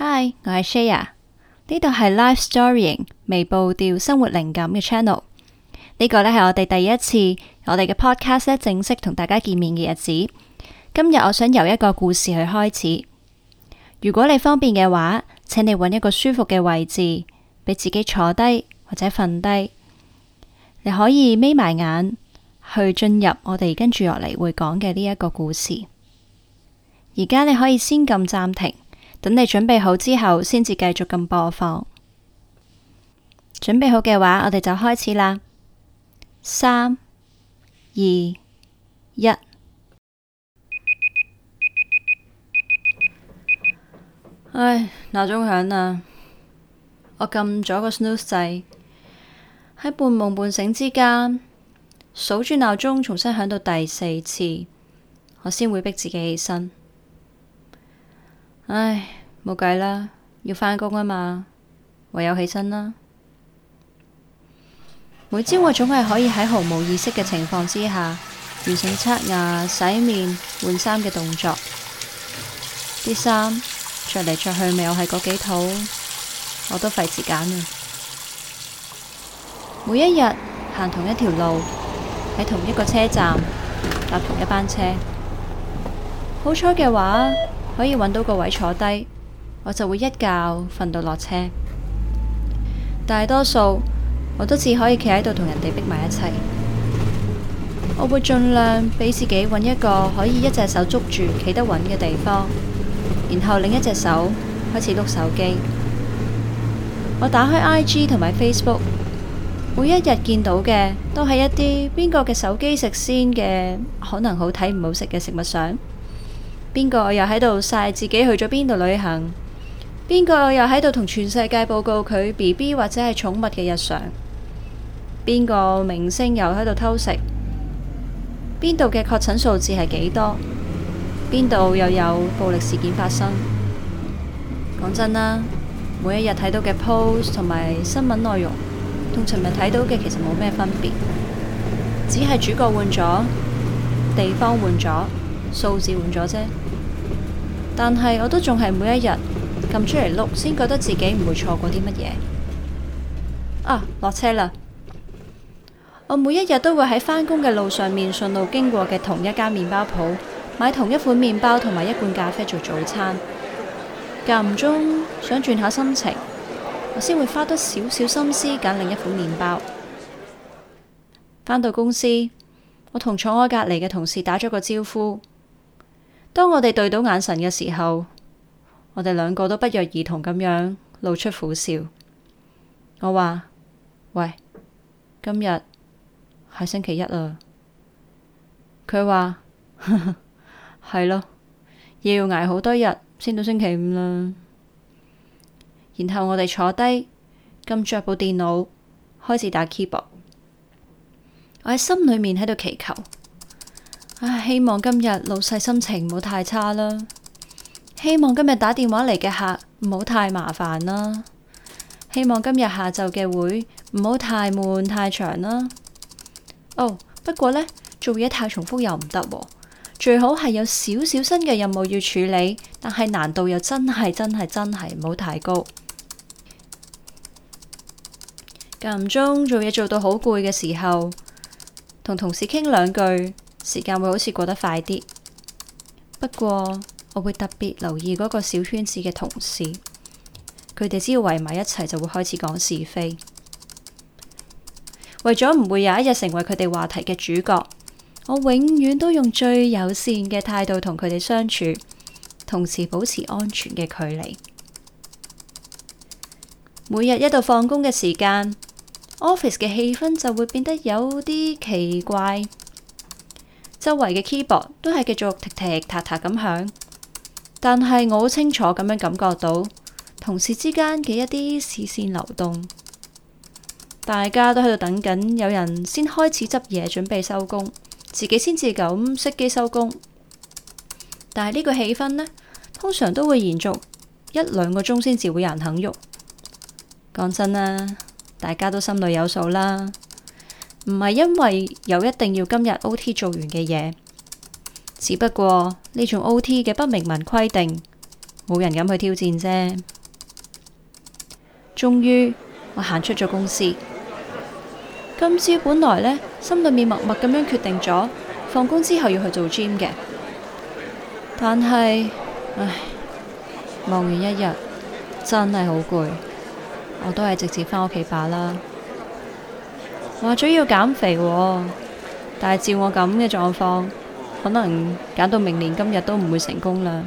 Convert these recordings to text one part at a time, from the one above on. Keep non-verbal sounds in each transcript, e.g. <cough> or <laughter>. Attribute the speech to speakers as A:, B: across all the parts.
A: Hi，我係 Shaya 呢度係 Life Storying 微步調生活靈感嘅 channel。呢、呢個呢係我哋第一次，我哋嘅 podcast 正式同大家見面嘅日子。今日我想由一個故事去開始。如果你方便嘅話，請你揾一個舒服嘅位置，俾自己坐低或者瞓低。你可以眯埋眼去進入我哋跟住落嚟會講嘅呢一個故事。而家你可以先撳暫停。等你準備好之後，先至繼續撳播放。準備好嘅話，我哋就開始啦。三、二、一。唉，鬧鐘響啦！我撳咗個 snooze 掣，喺半夢半醒之間，數住鬧鐘重新響到第四次，我先會逼自己起身。唉，冇計啦，要返工啊嘛，唯有起身啦。每朝我總係可以喺毫無意識嘅情況之下完成刷牙、洗面、換衫嘅動作。啲衫着嚟着去，咪又係嗰幾套，我都費事揀啊。每一日行同一條路，喺同一個車站搭同一班車，好彩嘅話，可以揾到個位坐低，我就會一覺瞓到落車。大多數我都只可以企喺度同人哋逼埋一齊。我會盡量俾自己揾一個可以一隻手捉住企得穩嘅地方，然後另一隻手開始碌手機。我打開 IG 同埋 Facebook，每一日見到嘅都係一啲邊個嘅手機食先嘅，可能好睇唔好食嘅食物相。邊個又喺度晒自己去咗邊度旅行？邊個又喺度同全世界報告佢 BB 或者係寵物嘅日常？邊個明星又喺度偷食？邊度嘅確診數字係幾多？邊度又有暴力事件發生？講真啦，每一日睇到嘅 post 同埋新聞內容，同尋日睇到嘅其實冇咩分別，只係主角換咗，地方換咗。數字換咗啫，但係我都仲係每一日撳出嚟碌，先覺得自己唔會錯過啲乜嘢。啊，落車啦！我每一日都會喺返工嘅路上面順路經過嘅同一間麵包鋪買同一款麵包同埋一罐咖啡做早餐。間唔中想轉下心情，我先會花多少少心思揀另一款麵包。返到公司，我同坐我隔籬嘅同事打咗個招呼。當我哋對到眼神嘅時候，我哋兩個都不約而同咁樣露出苦笑。我話，喂，今日係星期一啊！佢話，係 <laughs> 咯，要挨好多日先到星期五啦。然後我哋坐低，撳着部電腦，開始打 keyboard。我喺心裏面喺度祈求。唉，希望今日老細心情唔好太差啦。希望今日打電話嚟嘅客唔好太麻煩啦。希望今日下晝嘅會唔好太悶太長啦。哦，不過呢，做嘢太重複又唔得喎，最好係有少少新嘅任務要處理，但係難度又真係真係真係唔好太高。間唔中做嘢做到好攰嘅時候，同同事傾兩句。時間會好似過得快啲，不過我會特別留意嗰個小圈子嘅同事，佢哋只要圍埋一齊就會開始講是非。為咗唔會有一日成為佢哋話題嘅主角，我永遠都用最友善嘅態度同佢哋相處，同時保持安全嘅距離。每日一到放工嘅時間，office 嘅氣氛就會變得有啲奇怪。周圍嘅 keyboard 都係繼續踢踢踏踏咁響，但係我好清楚咁樣感覺到同事之間嘅一啲視線流動，大家都喺度等緊，有人先開始執嘢準備收工，自己先至咁熄機收工。但係呢個氣氛呢，通常都會延續一兩個鐘先至會有人肯喐。講真啦，大家都心裏有數啦。唔係因為有一定要今日 O.T. 做完嘅嘢，只不過呢種 O.T. 嘅不明文規定，冇人敢去挑戰啫。終於我行出咗公司。今朝本來呢，心裏面默默咁樣決定咗，放工之後要去做 gym 嘅，但係唉，忙完一日真係好攰，我都係直接返屋企罷啦。話咗要減肥喎，但係照我咁嘅狀況，可能減到明年今日都唔會成功啦。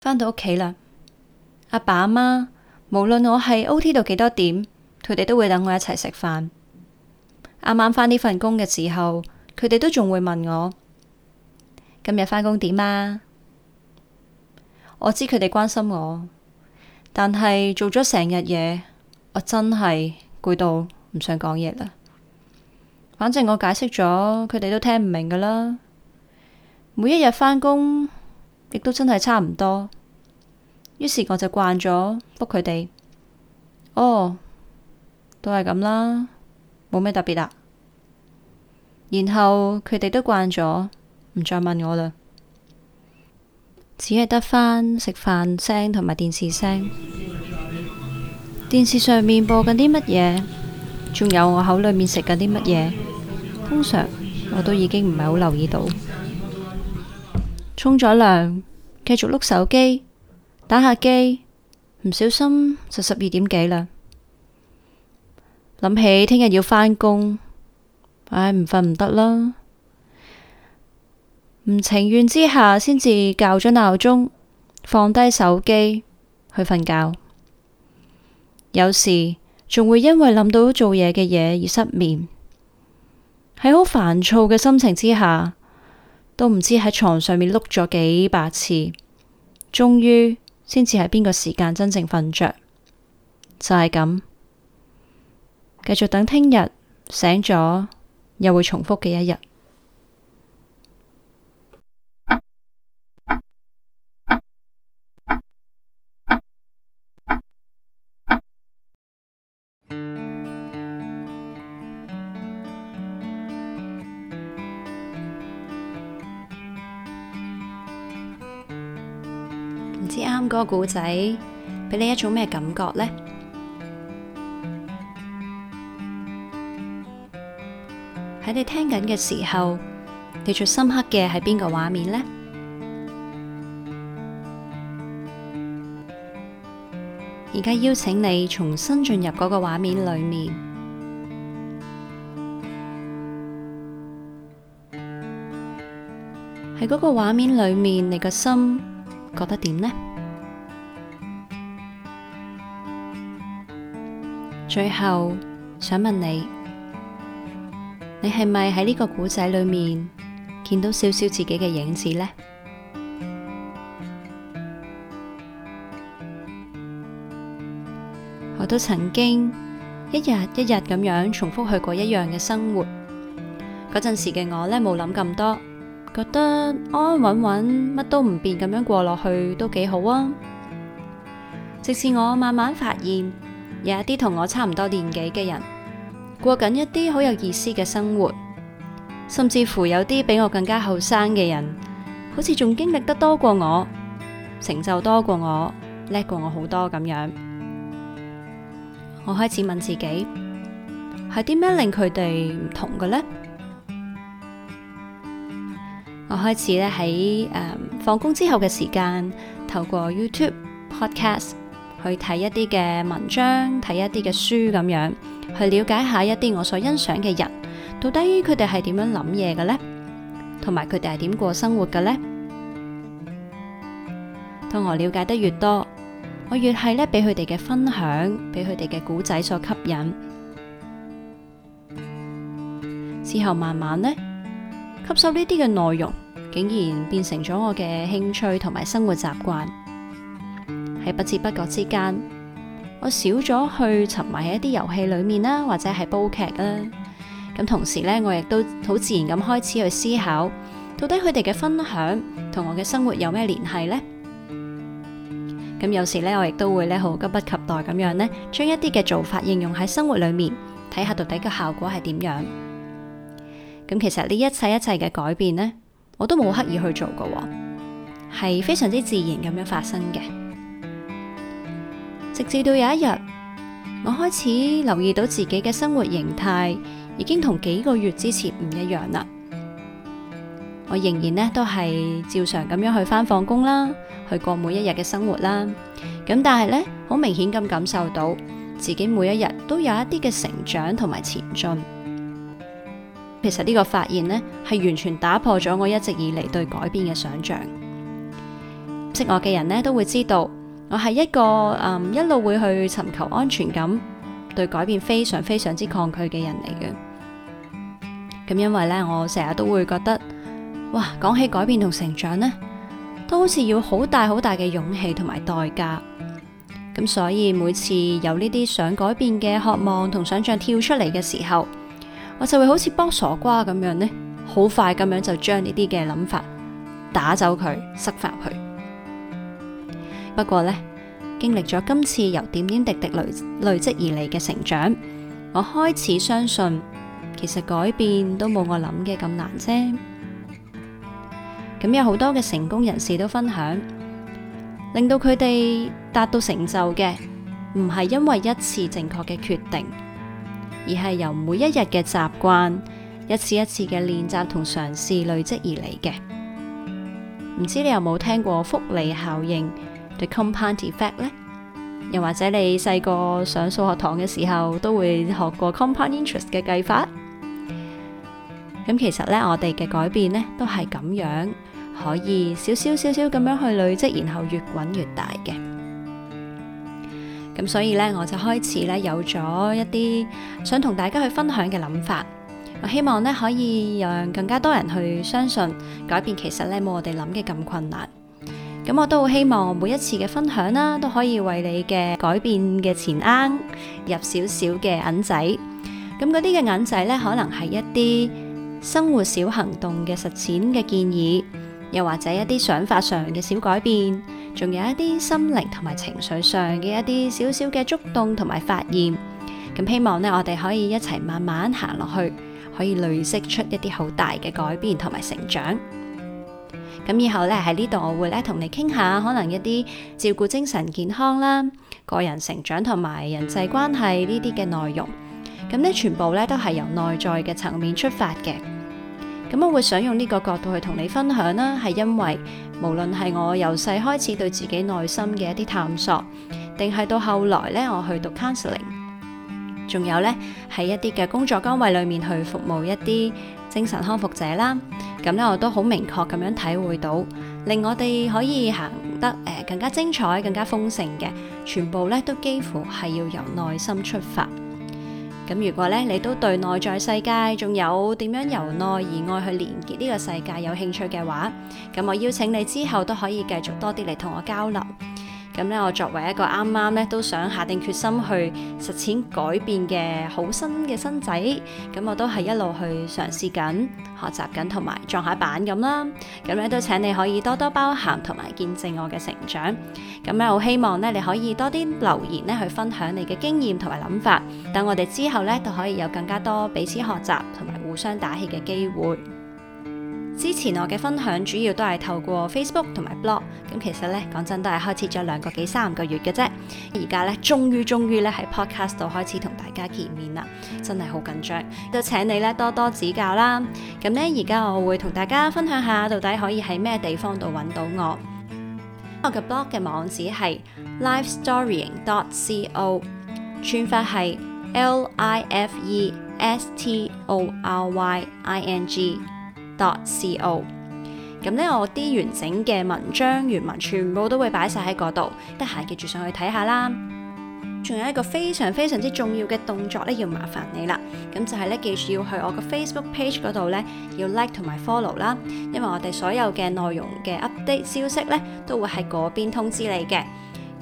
A: 返到屋企啦，阿爸阿媽，無論我係 O.T. 到幾多點，佢哋都會等我一齊食飯。啱啱返呢份工嘅時候，佢哋都仲會問我今日返工點啊？我知佢哋關心我。但係做咗成日嘢，我真係攰到唔想講嘢啦。反正我解釋咗，佢哋都聽唔明噶啦。每一日翻工亦都真係差唔多，於是我就慣咗覆佢哋。哦，都係咁啦，冇咩特別啦。然後佢哋都慣咗，唔再問我啦。只係得返食飯聲同埋電視聲，電視上面播緊啲乜嘢？仲有我口裏面食緊啲乜嘢？通常我都已經唔係好留意到。沖咗涼，繼續碌手機，打下機，唔小心就十二點幾啦。諗起聽日要返工，唉，唔瞓唔得啦。唔情願之下，先至校咗鬧鐘，放低手機去瞓覺。有時仲會因為諗到做嘢嘅嘢而失眠，喺好煩躁嘅心情之下，都唔知喺床上面碌咗幾百次，終於先至喺邊個時間真正瞓着。就係咁，繼續等聽日醒咗又會重複嘅一日。啱嗰個故仔，俾你一種咩感覺呢？喺你聽緊嘅時候，你最深刻嘅係邊個畫面呢？而家邀請你重新進入嗰個畫面裏面，喺嗰個畫面裏面，你個心覺得點呢？最後想問你，你係咪喺呢個古仔裏面見到少少自己嘅影子呢？我都曾經一日一日咁樣重複去過一樣嘅生活，嗰陣時嘅我呢，冇諗咁多，覺得安安穩穩乜都唔變，咁樣過落去都幾好啊。直至我慢慢發現。有一啲同我差唔多年紀嘅人，過緊一啲好有意思嘅生活，甚至乎有啲比我更加後生嘅人，好似仲經歷得多過我，成就多過我，叻過我好多咁樣。我開始問自己：「係點樣令佢哋唔同嘅呢？」我開始咧喺呃放工之後嘅時間，透過 YouTube、Podcast。去睇一啲嘅文章，睇一啲嘅書咁樣，去了解下一啲我所欣賞嘅人，到底佢哋係點樣諗嘢嘅呢？同埋佢哋係點過生活嘅呢？同我了解得越多，我越係咧俾佢哋嘅分享，俾佢哋嘅古仔所吸引。之後慢慢呢，吸收呢啲嘅內容，竟然變成咗我嘅興趣同埋生活習慣。喺不知不覺之間，我少咗去沉迷喺一啲遊戲裏面啦，或者係煲劇啦。咁同時呢，我亦都好自然咁開始去思考，到底佢哋嘅分享同我嘅生活有咩聯繫呢？咁有時呢，我亦都會咧好急不及待咁樣呢，將一啲嘅做法應用喺生活裏面，睇下到底個效果係點樣。咁其實呢一切一切嘅改變呢，我都冇刻意去做㗎，哦，係非常之自然咁樣發生嘅。直至到有一日，我開始留意到自己嘅生活形態已經同幾個月之前唔一樣啦。我仍然呢都係照常咁樣去翻放工啦，去過每一日嘅生活啦。咁但係呢，好明顯咁感受到自己每一日都有一啲嘅成長同埋前進。其實呢個發現呢，係完全打破咗我一直以嚟對改變嘅想象。識我嘅人呢，都會知道。我係一個誒、嗯、一路會去尋求安全感、對改變非常非常之抗拒嘅人嚟嘅。咁因為咧,我成日都會覺得，哇，講起改變同成長呢,都好似要好大好大嘅勇氣同埋代價。咁、嗯、所以每次有呢啲想改變嘅渴望同想象跳出嚟嘅時候,我就會好似剝傻瓜咁樣呢,好快咁樣就將呢啲嘅諗法打走佢，塞翻佢。不過呢，經歷咗今次由點點滴滴累累積而嚟嘅成長，我開始相信，其實改變都冇我諗嘅咁難啫。咁有好多嘅成功人士都分享，令到佢哋達到成就嘅，唔係因為一次正確嘅決定，而係由每一日嘅習慣、一次一次嘅練習同嘗試累積而嚟嘅。唔知你有冇聽過複利效應？The compound effect 咧，又或者你細個上數學堂嘅時候都會學過 compound interest 嘅計法。咁其實咧，我哋嘅改變咧都係咁樣，可以少少少少咁樣去累積，然後越滾越大嘅。咁所以咧，我就開始咧有咗一啲想同大家去分享嘅諗法。我希望咧可以讓更加多人去相信改變，其實咧冇我哋諗嘅咁困難。咁我都好希望每一次嘅分享啦，都可以為你嘅改變嘅錢罌入少少嘅銀仔。咁嗰啲嘅銀仔咧，可能係一啲生活小行動嘅實踐嘅建議，又或者一啲想法上嘅小改變，仲有一啲心靈同埋情緒上嘅一啲少少嘅觸動同埋發現。咁希望咧，我哋可以一齊慢慢行落去，可以累積出一啲好大嘅改變同埋成長。咁以後呢喺呢度，我會呢同你傾下，可能一啲照顧精神健康啦、個人成長同埋人際關係呢啲嘅內容。咁呢，全部呢都係由內在嘅層面出發嘅。咁我會想用呢個角度去同你分享啦，係因為無論係我由細開始對自己內心嘅一啲探索，定係到後來呢我去讀 counseling，仲有呢喺一啲嘅工作崗位裏面去服務一啲。精神康復者啦，咁咧我都好明確咁樣體會到，令我哋可以行得誒更加精彩、更加豐盛嘅，全部咧都幾乎係要由內心出發。咁如果咧你都對內在世界，仲有點樣由內而外去連結呢個世界有興趣嘅話，咁我邀請你之後都可以繼續多啲嚟同我交流。咁咧，我作為一個啱啱咧都想下定決心去實踐改變嘅好新嘅新仔，咁我都係一路去嘗試緊、學習緊同埋撞下板咁啦。咁咧都請你可以多多包涵同埋見證我嘅成長。咁咧，我希望咧你可以多啲留言咧去分享你嘅經驗同埋諗法，等我哋之後咧都可以有更加多彼此學習同埋互相打氣嘅機會。之前我嘅分享主要都係透過 Facebook 同埋 blog，咁其實咧講真都係開始咗兩個幾三個月嘅啫。而家咧，終於終於咧喺 podcast 度開始同大家見面啦，真係好緊張，就請你咧多多指教啦。咁咧而家我會同大家分享下，到底可以喺咩地方度揾到我？我嘅 blog 嘅網址係 lifestorying.co 串法係 lifestorying。Co，咁咧我啲完整嘅文章原文全部都會擺晒喺嗰度，得閒記住上去睇下啦。仲有一個非常非常之重要嘅動作咧，要麻煩你啦。咁就係咧，記住要去我個 Facebook page 嗰度咧，要 like 同埋 follow 啦。因為我哋所有嘅內容嘅 update 消息咧，都會喺嗰邊通知你嘅。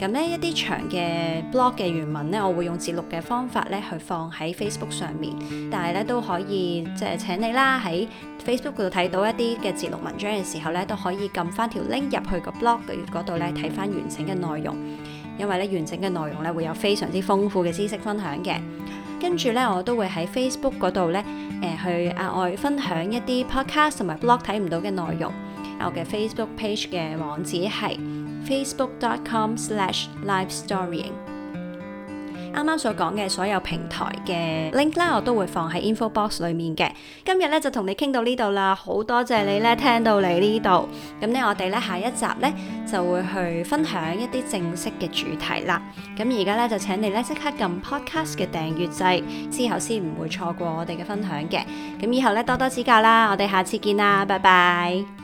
A: 咁呢一啲長嘅 blog 嘅原文呢，我會用節錄嘅方法呢去放喺 Facebook 上面。但係呢，都可以即係請你啦，喺 Facebook 度睇到一啲嘅節錄文章嘅時候呢，都可以撳翻條 link 入去個 blog 嗰度呢，睇翻完整嘅內容。因為呢，完整嘅內容呢，會有非常之豐富嘅知識分享嘅。跟住呢，我都會喺 Facebook 嗰度呢，誒、呃、去額外分享一啲 podcast 同埋 blog 睇唔到嘅內容。我嘅 Facebook page 嘅網址係。Facebook.com/lifestorying，啱啱所講嘅所有平台嘅 link 啦，我都會放喺 info box 裡面嘅。今日咧就同你傾到呢度啦，好多謝你咧聽到你呢度。咁呢，我哋咧下一集咧就會去分享一啲正式嘅主題啦。咁而家咧就請你咧即刻撳 podcast 嘅訂閱掣，之後先唔會錯過我哋嘅分享嘅。咁以後咧多多指教啦，我哋下次見啦，拜拜。